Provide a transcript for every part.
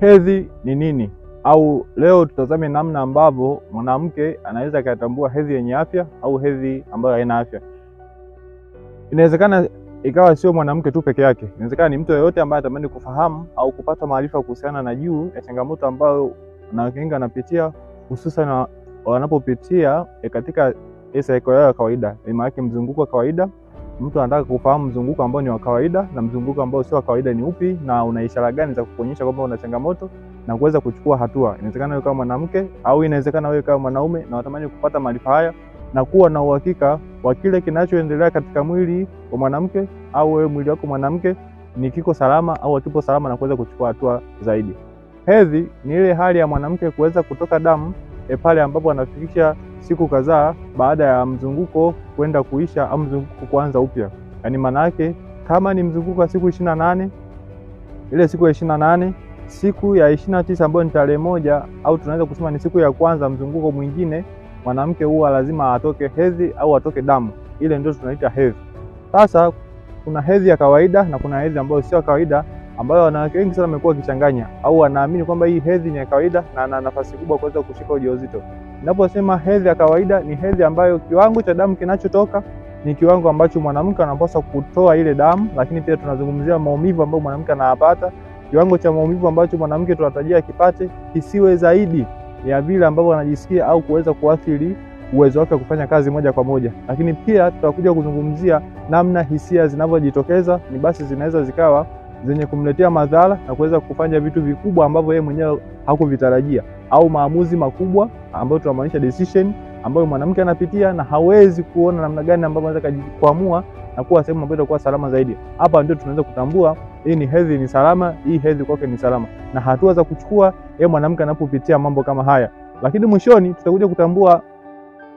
Hedhi ni nini? Au leo tutazame namna ambavyo mwanamke anaweza akatambua hedhi yenye afya au hedhi ambayo haina afya. Inawezekana ikawa sio mwanamke tu peke yake, inawezekana ni mtu yeyote ambaye atamani kufahamu au kupata maarifa kuhusiana na juu ya changamoto ambayo wanawake wengi wanapitia, hususan wanapopitia eh, katika saiko yao ya kawaida, maana yake mzunguko wa kawaida mtu anataka kufahamu mzunguko ambao ni wa kawaida na mzunguko ambao sio wa kawaida ni upi, na una ishara gani za kukuonyesha kwamba una changamoto na kuweza kuchukua hatua. Inawezekana wewe kama mwanamke au inawezekana wewe kama mwanaume, na watamani kupata maarifa haya na kuwa na uhakika wa kile kinachoendelea katika mwili wa mwanamke au wewe mwili wako mwanamke ni kiko salama au hakipo salama, na kuweza kuchukua hatua zaidi. Hedhi ni ile hali ya mwanamke kuweza kutoka damu e, pale ambapo anafikisha siku kadhaa baada ya mzunguko kwenda kuisha au mzunguko kuanza upya. Yaani maana yake kama ni mzunguko wa siku ishirini na nane ile siku ya ishirini na nane siku ya ishirini na tisa ambayo ni tarehe moja au tunaweza kusema ni siku ya kwanza mzunguko mwingine, mwanamke huwa lazima atoke hedhi au atoke damu, ile ndio tunaita hedhi. Sasa kuna hedhi ya kawaida na kuna hedhi ambayo sio kawaida ambayo wanawake wengi sana wamekuwa wakichanganya au wanaamini kwamba hii hedhi ni ya kawaida na ana nafasi kubwa kuweza kushika ujauzito. Ninaposema hedhi ya kawaida, ni hedhi ambayo kiwango cha damu kinachotoka ni kiwango ambacho mwanamke anapaswa kutoa ile damu, lakini pia tunazungumzia maumivu ambayo mwanamke anayapata. Kiwango cha maumivu ambacho mwanamke tunatarajia akipate kisiwe zaidi ya vile ambavyo anajisikia au kuweza kuathiri uwezo wake wa kufanya kazi moja kwa moja. Lakini pia tutakuja kuzungumzia namna hisia zinavyojitokeza, ni basi zinaweza zikawa zenye kumletea madhara na kuweza kufanya vitu vikubwa ambavyo yeye mwenyewe hakuvitarajia au maamuzi makubwa ambayo tunamaanisha decision ambayo mwanamke anapitia na hawezi kuona namna gani ambavyo anaweza kujikwamua na kuwa sehemu ambayo itakuwa salama zaidi. Hapa ndio tunaweza kutambua hii ni hedhi ni salama, hii hedhi kwake ni salama, na hatua za kuchukua yeye mwanamke anapopitia mambo kama haya. Lakini mwishoni tutakuja kutambua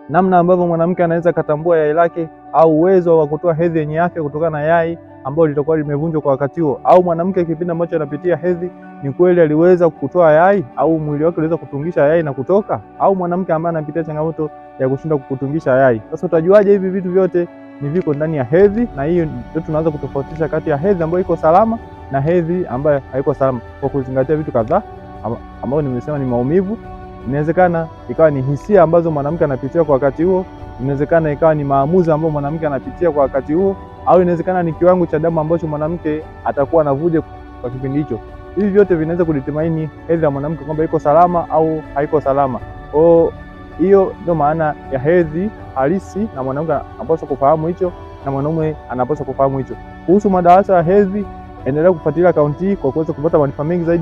namna ambavyo mwanamke anaweza katambua yai lake au uwezo wa kutoa hedhi yenye afya kutokana na yai ambayo litakuwa limevunjwa kwa wakati huo, au mwanamke kipindi ambacho anapitia hedhi ni kweli aliweza kutoa yai au mwili wake uliweza kutungisha yai na kutoka, au mwanamke ambaye anapitia changamoto ya kushindwa kutungisha yai. Sasa utajuaje hivi vitu vyote ni viko ndani ya hedhi? Na hiyo ndio tunaanza kutofautisha kati ya hedhi ambayo iko salama na hedhi ambayo haiko salama, kwa kuzingatia vitu kadhaa ambayo nimesema ni maumivu Inawezekana ikawa ni hisia ambazo mwanamke anapitia kwa wakati huo, inawezekana ikawa ni maamuzi ambayo mwanamke anapitia kwa wakati huo, au inawezekana ni kiwango cha damu ambacho mwanamke atakuwa anavuja kwa kipindi hicho. Hivi vyote vinaweza kudetermine hedhi ya mwanamke kwamba iko salama au haiko salama. O, hiyo ndio maana ya hedhi halisi, na mwanamke anapaswa kufahamu hicho na mwanaume anapaswa kufahamu hicho. Kuhusu madarasa ya hedhi, endelea kufuatilia akaunti hii kwa kuweza kupata maarifa mengi zaidi.